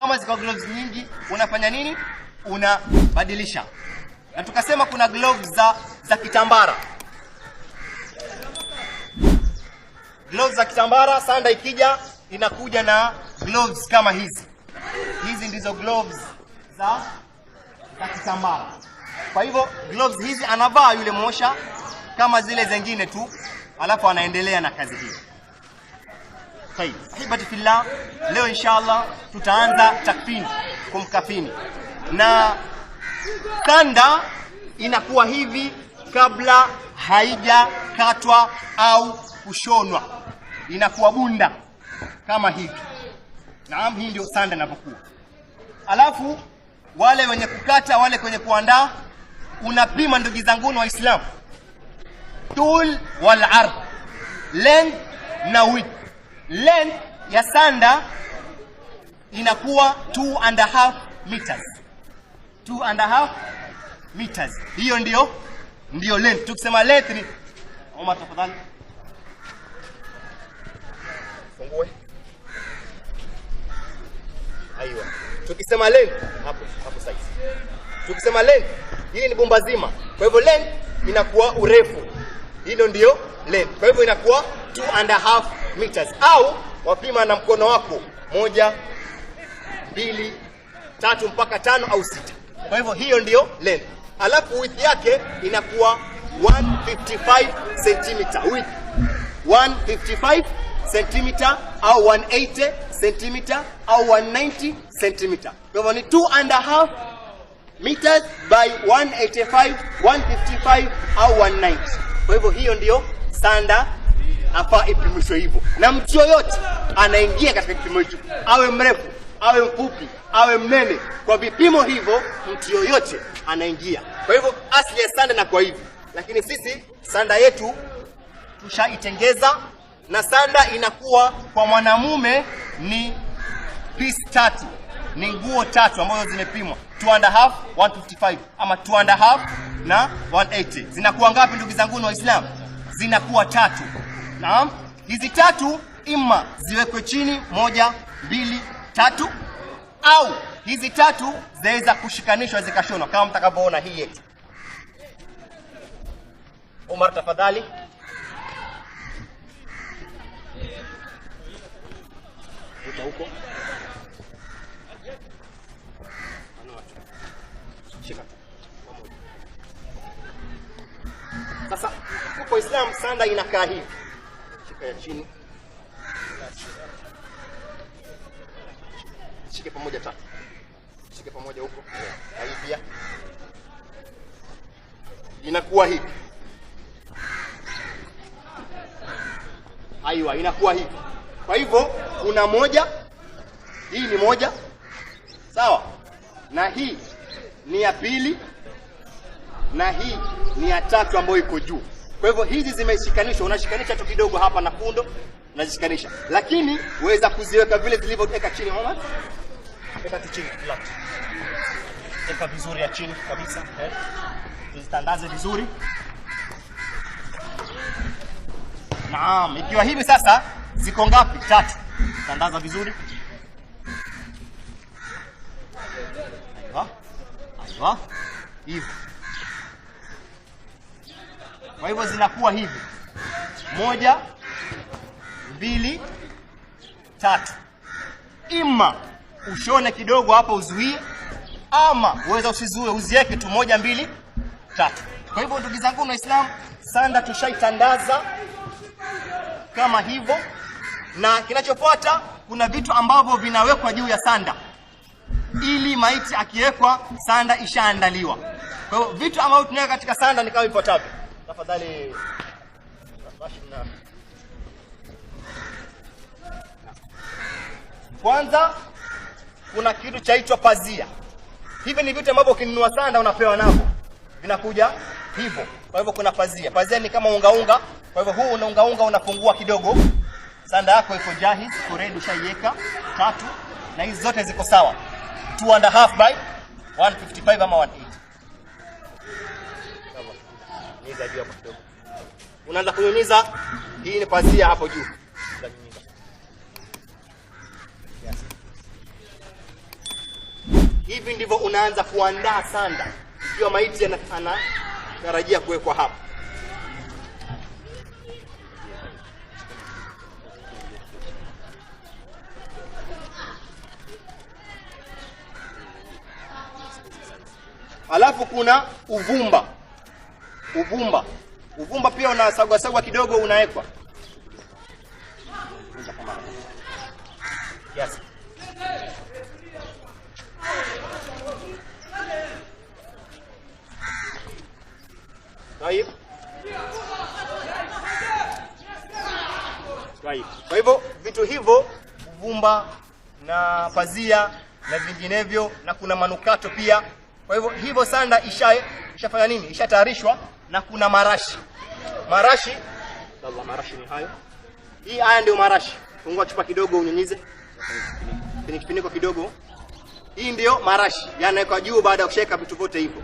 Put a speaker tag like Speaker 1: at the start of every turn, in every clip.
Speaker 1: Kama ziko gloves nyingi unafanya nini? Unabadilisha. Na tukasema kuna gloves za, za kitambara. Gloves za kitambara, sanda ikija inakuja na gloves kama hizi. Hizi ndizo gloves za, za kitambara. Kwa hivyo gloves hizi anavaa yule mwosha kama zile zingine tu, alafu anaendelea na kazi hiyo khair. fillah, leo inshallah tutaanza takfini, kumkafini na sanda inakuwa hivi kabla haijakatwa au kushonwa, inakuwa bunda kama hivi. Naam, hii ndio sanda inapokuwa. Alafu wale wenye kukata, wale kwenye kuandaa, unapima ndugu zanguni Waislamu, tul wal ard, length na width length ya sanda inakuwa 2 and a half meters. 2 and a half meters. Hiyo ndio ndio length. Tukisema length ni Omar, tafadhali fungue. Aiyo. tukisema length hapo hapo size, tukisema length hili ni bomba zima, kwa hivyo length inakuwa urefu, hilo ndio length. Kwa hivyo inakuwa 2 and a half meters au wapima na mkono wako moja, mbili, tatu mpaka tano au sita. Kwa hivyo hiyo ndiyo length, alafu width yake inakuwa 155 cm. Width 155 cm au 180 cm au 190 cm. Kwa hivyo ni 2 and a half meters by 185, 155 au 190. Kwa hivyo hiyo ndiyo standard afaa ipimishwe hivyo, na mtu yoyote anaingia katika kipimo hicho, awe mrefu, awe mfupi, awe mnene, kwa vipimo hivyo mtu yoyote anaingia. Kwa hivyo asili ya sanda na kwa hivyo, lakini sisi sanda yetu tushaitengeza, na sanda inakuwa kwa mwanamume ni piece tatu, ni nguo tatu ambazo zimepimwa half, 155 ama half na 180 zinakuwa ngapi, ndugu zangu wa Waislamu? Zinakuwa tatu. Naam, hizi tatu ima ziwekwe chini, moja, mbili, tatu, au hizi tatu zaweza kushikanishwa zikashonwa kama mtakavyoona hii yetu. Omar, tafadhali. Sasa kwa Islam sanda inakaa hivi chini shike pamoja ta shike pamoja huko hii pia inakuwa hivi. Aiwa, inakuwa hivi. Kwa hivyo kuna moja, hii ni moja, sawa, na hii ni ya pili, na hii ni ya tatu ambayo iko juu. Kwa hivyo hizi zimeshikanishwa, unashikanisha tu kidogo hapa na fundo unazishikanisha, lakini weza kuziweka vile zilivyoweka chini. Mama, weka tu chini flat, weka vizuri ya chini kabisa, eh, tuzitandaze vizuri. Naam, ikiwa hivi sasa ziko ngapi? Tatu. Tandaza vizuri. Aiwa, aiwa, hivyo kwa hivyo zinakuwa hivi: moja, mbili, tatu. Ima ushone kidogo hapa uzuie, ama uweza usizuie, uzieke tu moja, mbili, tatu. Kwa hivyo ndugu zangu Islam, sanda tushaitandaza kama hivyo, na kinachofuata kuna vitu ambavyo vinawekwa juu ya sanda ili maiti akiwekwa sanda ishaandaliwa. Kwa hivyo vitu ambavyo tunaweka katika sanda ni kama ifuatavyo. Tafadhali Kwanza kuna kitu chaitwa pazia. Hivi ni vitu ambavyo ukinunua sanda unapewa navo vinakuja hivyo. Kwa hivyo kuna pazia. Pazia ni kama ungaunga. Kwa hivyo huu unaungaunga, unapungua kidogo, sanda yako iko jahi kuredi, ushaiweka tatu, na hizi zote ziko sawa, 2 and a half by 155 ama 180 kunyunyiza juu hapo kidogo. Unaanza kunyunyiza, hii ni pazia hapo juu. Hivi ndivyo unaanza kuandaa sanda ikiwa maiti anatarajia kuwekwa hapa. Alafu kuna uvumba uvumba. Uvumba pia unasagwasagwa kidogo, unawekwa yes. Kwa hivyo vitu hivyo uvumba na pazia na vinginevyo, na kuna manukato pia. Kwa hivyo hivyo sanda isha ishafanya nini, ishatayarishwa na kuna marashi. Marashi Allah, marashi ni hayo. Hii haya ndio marashi. Fungua chupa kidogo, unyunyize kwenye kifuniko kidogo. Hii ndio marashi yanawekwa yaani juu baada ya kusheka vitu vyote hivyo,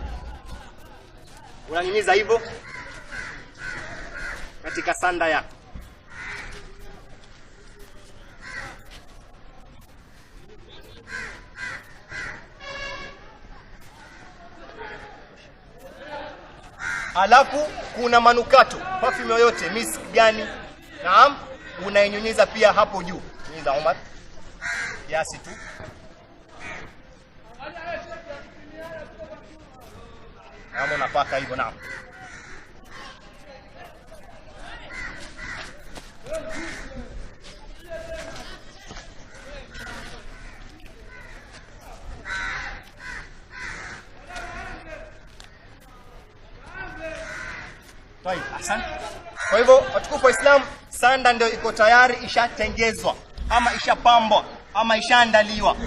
Speaker 1: unanyunyiza hivyo katika sanda yako. Halafu kuna manukato, perfume yoyote misk gani, naam, unainyunyiza pia hapo juu. Nyunyiza Omar, kiasi tu. Naam, unapaka hivyo, naam. Taib, Kwa hivyo watukufu wa Islam, sanda ndio iko tayari, ishatengezwa ama ishapambwa ama ishaandaliwa.